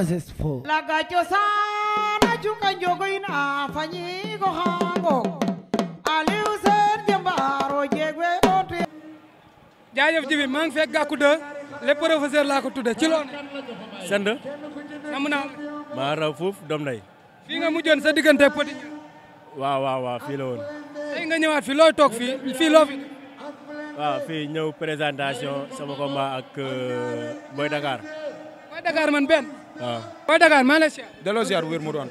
successful. Lagacho sana chuka njogo inafanyiko hango. Aliuser jambaro jegwe ote. Jaajëf jibi maa ngi fekk Gakou 2 le professeur laa ko ci loone. Send. Namu Maa raw foofu doom nay. Fii nga mujjoon sa diggante petit. Waaw waaw waaw fii la woon. nga ñëwaat fii looy toog fii fii loo waaw fii ñëw présentation sama combat ak euh, Boy Dakar. Boy man benn. waaw ah. Boy Dakar delloo ziar wér mu doon.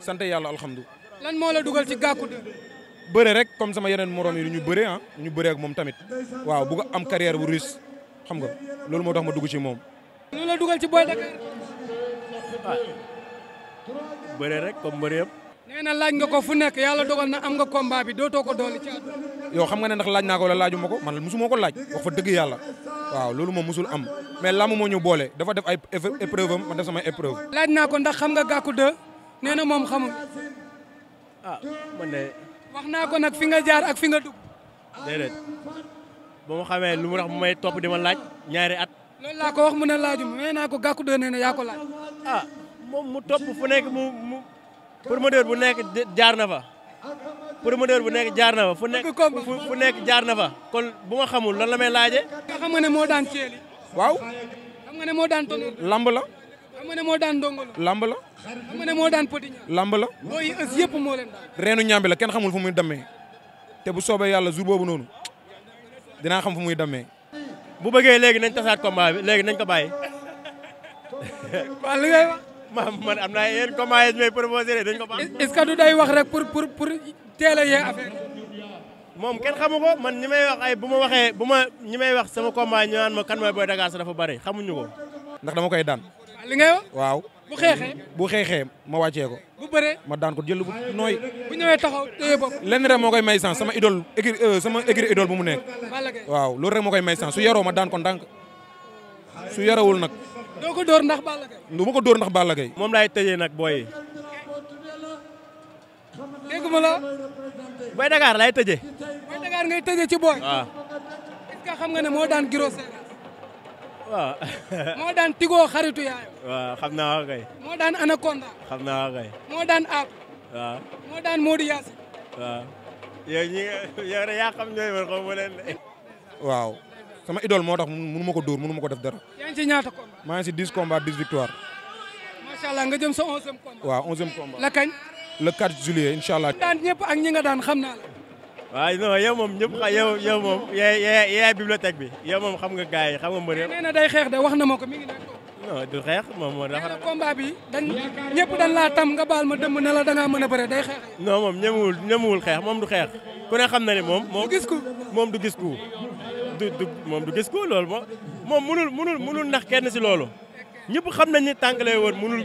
sant yàlla alhamdulilah. lan moo la dugal ci gàkku de. rek comme sama yeneen morom yi ñu bëree ah ñu bëree ak moom tamit waaw bu nga am carrière bu riche xam nga loolu moo tax ma dugg ci moom. lu la dugal ci Boy Dakar. ah bëre rek comme bëre yëpp. nee na laaj nga ko fu nekk yàlla dogal na am nga combat bi dootoo ko dooli ci yow xam nga ne ndax laaj naa ko wala laaju ma ko man mosuma ko laaj wax fa dëgg yàlla waaw loolu moom musul am mais làmb moo ñu boole dafa def ay épreuve am man def samay épreuve laaj naa ko ndax xam nga gàkku de nee na moom xamul ah man de wax naa ko nag fi nga jaar ak fi nga dugg déedéet ba mu xamee lu mu tax may topp di ma laaj ñaari at loolu laa ko wax mu ne mu mais naa ko gàkku de nee na yaa ko laaj ah moom mu topp fu nekk mu ma promoteur bu nekk jaar na fa promoteur bu nekk jaar na fa fu nekk fu nekk jaar na fa kon bu ma xamul lan la may laaje xam nga ne moo daan ceeli waaw xam nga ne moo daan tonnerre lamb la xam nga ne moo daan ndongolo lamb la xam nga ne moo daan petit lamb la booy ës yëpp moo leen daan reenu ñaambi la kenn xamul fu muy demee te bu soobee yàlla jour boobu noonu dinaa xam fu muy demee bu bëggee léegi nañ tasaat combat bi léegi nañ ko bàyyi waa li ngay wax man am naa yéen combat yi may proposé dañ ko bàyyi est-ce que du day wax rek pour pour pour teel moom kenn xamu ko man ñi may wax ay bu ma waxee bu ma ñi may wax sama combat ñu naan ma kan mooy Boy Dakar dafa bëri xamuñu ko. ndax dama koy daan. Ah, li ngay waaw. bu xeexee bu xeexee ma wàccee ko. bu bëree ma daan ko jël bu nooy. bu ñëwee taxaw téye bopp. rek moo koy may san sama idole écri euh, sama écri idole bu mu nekk. waaw loolu rek moo koy may san su yaroo ma daan ko ndànk su yarawul nag. doo ko dóor ndax Balla Gaye. du ndax Balla moom laay tëjee nag booy yi. dégg la. Boy Dakar lay tëjee. Boy Dakar ngay tëjee ci booy. waaw est xam nga ne moo daan Gros Sène. waaw. moo daan Tigo xaritu yaay. waaw xam naa kay. moo daan Anaconda. xam naa kay. moo daan Aap. waaw moo daan Modou Yacine. waaw yaa xam ñooy man xaw ma leen waaw sama idole moo tax mënu ma ko dóor mënu ma ko def dara. yaa ngi ci maa ngi ci 10 combats 10 victoires. macha nga jëm sa 11e combat. la 4 juillet incha allah. daan ñëpp ak ñi nga daan xam naa la. waaw non yow moom ñëpp xa yow yow moom yaay yaay bibliothèque bi yow moom xam nga gars yi xam nga mbër yëpp. nee na day xeex de wax na ma ko mi ngi nekk. moom moo dafa combat ñëpp dañ laa tam nga baal ma dëmm ne la da mën a bëre day xeex. non moom ñemewul xeex moom du xeex ku ne xam na ne moom. du gis ko moom du gis ko. du du moom du gis ko loolu moom moom mënul mënul mënul nax kenn si loolu ñëpp xam nañ ni tànk lay wër mënul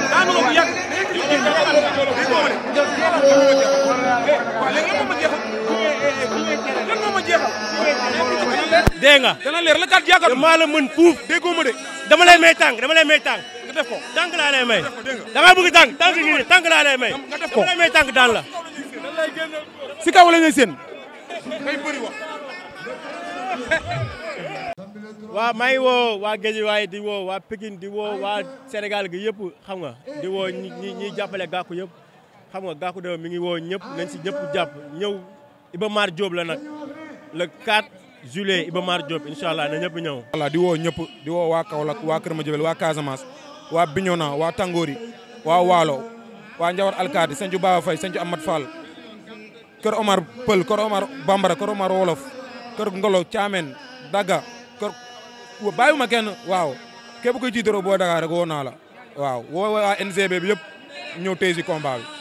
dégg nga dana leer la kat yaakaar maa la mën fuuf déggoo ma de dama lay may tànk dama lay may tànk nga def ko tànk laa lay may da nga bëgg tànk tànk ngi nii tànk laa lay may nga def may tànk daan la si kaw la ñuy maa ngi woo waa Guédiawaye di woo waa Pikine di woo waa senegal gi yëpp xam nga di woo ñi ñiy jàppale gàkku yëpp xam nga gàkku de mi ngi woo ñëpp nañ si ñëpp jàpp ñëw Iba Mar Diop la nag le juillet Iba Mar Diop allah na ñëpp ñëw. voilà di woo ñëpp di woo waa Kaolack waa Kër Madiabel waa Casamance waa Bignona waa Tangori waa Waalo waa Njawar Alkaadi sëñ Baba Faye sëñ Amath Fall. kër Omar Pël kër Omar Bambara kër Omar Wolof kër Ngolo Thiamène Daga kër bàyyiwuma kenn waaw képp kuy jiitaroo boo Dakar rek woo naa la waaw woo waa NGB bi yëpp ñëw tey si